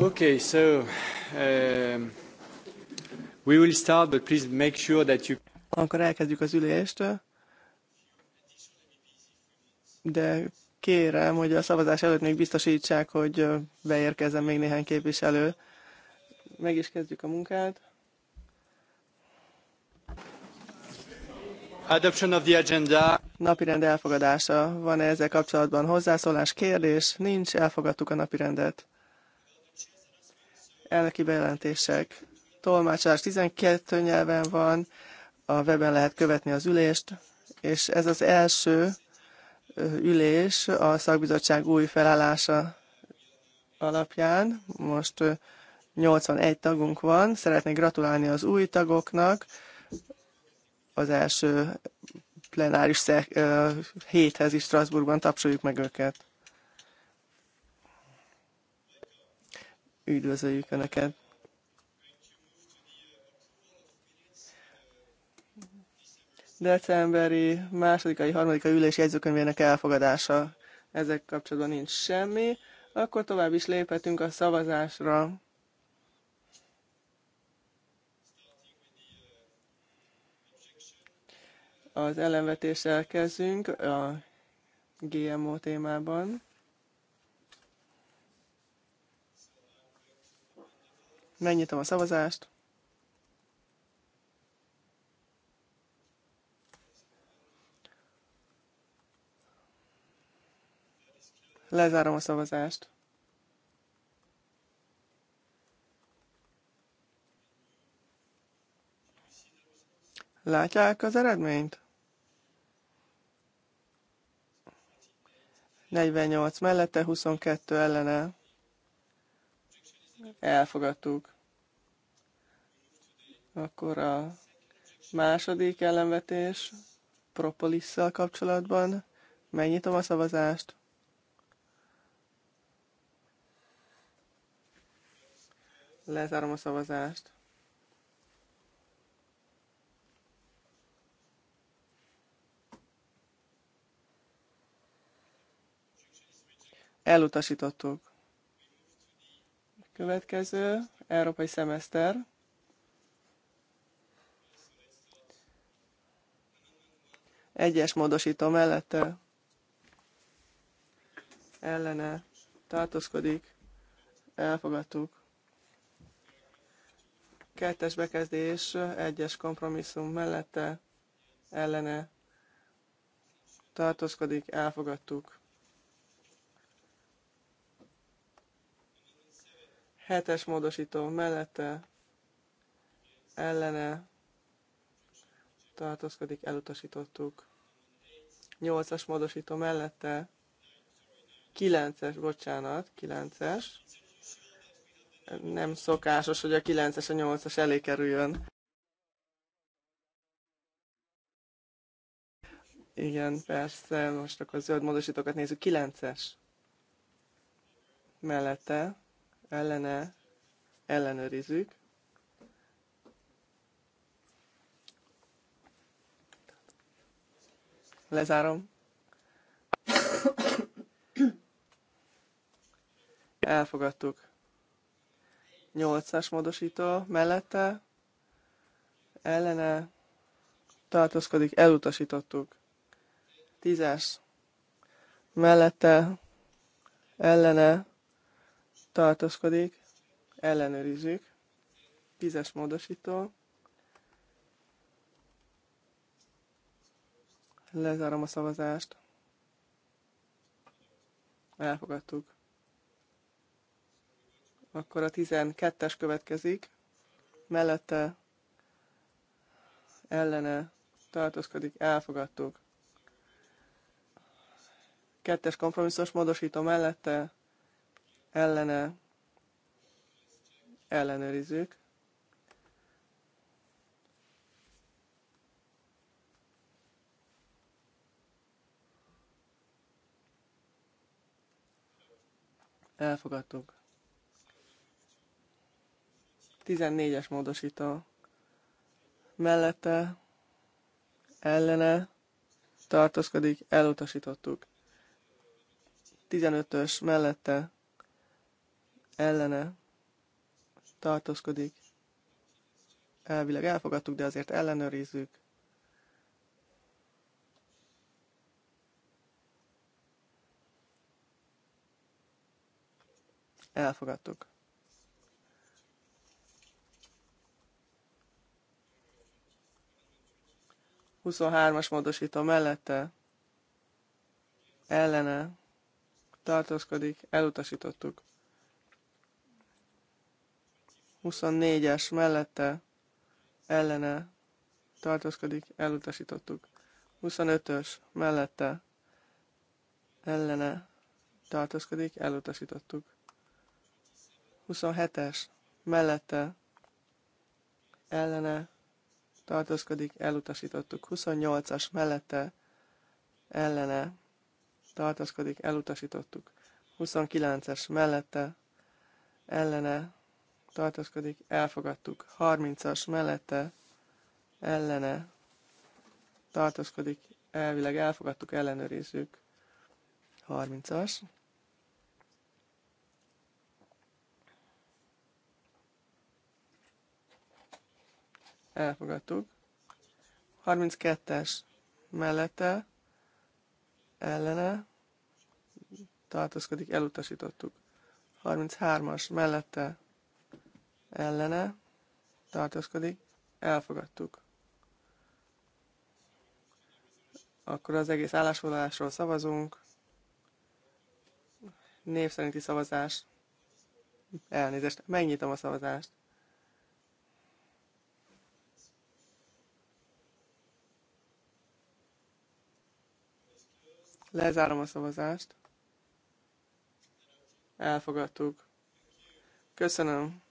Okay, so um, we will start, but please make sure that you. Akkor elkezdjük az ülést, de kérem, hogy a szavazás előtt még biztosítsák, hogy beérkezzen még néhány képviselő. Meg is kezdjük a munkát. Adoption of the agenda. Napirend elfogadása. Van-e ezzel kapcsolatban hozzászólás, kérdés? Nincs, elfogadtuk a napirendet elnöki bejelentések. Tolmácsolás 12 nyelven van, a weben lehet követni az ülést, és ez az első ülés a szakbizottság új felállása alapján. Most 81 tagunk van. Szeretnék gratulálni az új tagoknak az első plenáris héthez is Strasbourgban. Tapsoljuk meg őket! Üdvözöljük Önöket! Decemberi másodikai, harmadikai ülés jegyzőkönyvének elfogadása. Ezek kapcsolatban nincs semmi. Akkor tovább is léphetünk a szavazásra. Az ellenvetéssel kezdünk a GMO témában. Megnyitom a szavazást. Lezárom a szavazást. Látják az eredményt? 48 mellette, 22 ellene. Elfogadtuk. Akkor a második ellenvetés propolisszal kapcsolatban. Megnyitom a szavazást. Lezárom a szavazást. Elutasítottuk. Következő, európai szemeszter. Egyes módosító mellette ellene tartózkodik, elfogadtuk. Kettes bekezdés, egyes kompromisszum mellette ellene tartózkodik, elfogadtuk. Hetes módosító mellette ellene tartózkodik, elutasítottuk. Nyolcas módosító mellette kilences, bocsánat, kilences. Nem szokásos, hogy a kilences a nyolcas elé kerüljön. Igen, persze, most akkor zöld módosítókat nézzük. Kilences mellette ellene ellenőrizzük. Lezárom. Elfogadtuk. 8-as módosító mellette ellene tartózkodik, elutasítottuk. 10-es mellette ellene tartózkodik, ellenőrizzük, tízes módosító, lezárom a szavazást, elfogadtuk. Akkor a 12-es következik, mellette ellene tartózkodik, elfogadtuk. Kettes kompromisszos módosító mellette ellene ellenőrizzük. Elfogadtuk. 14-es módosító. Mellette, ellene, tartózkodik, elutasítottuk. 15-ös mellette, ellene tartózkodik. Elvileg elfogadtuk, de azért ellenőrizzük. Elfogadtuk. Huszonhármas módosító mellette ellene tartózkodik, elutasítottuk. 24-es mellette ellene tartózkodik, elutasítottuk. 25-ös mellette ellene tartózkodik, elutasítottuk. 27-es mellette ellene tartózkodik, elutasítottuk. 28-as mellette ellene tartózkodik, elutasítottuk. 29-es mellette ellene tartózkodik, elfogadtuk. 30-as mellette ellene tartózkodik, elvileg elfogadtuk, ellenőrizzük. 30-as. Elfogadtuk. 32-es mellette ellene tartózkodik, elutasítottuk. 33-as mellette ellene tartózkodik, elfogadtuk. Akkor az egész állásfoglalásról szavazunk. Név szerinti szavazás. Elnézést, megnyitom a szavazást. Lezárom a szavazást. Elfogadtuk. Köszönöm.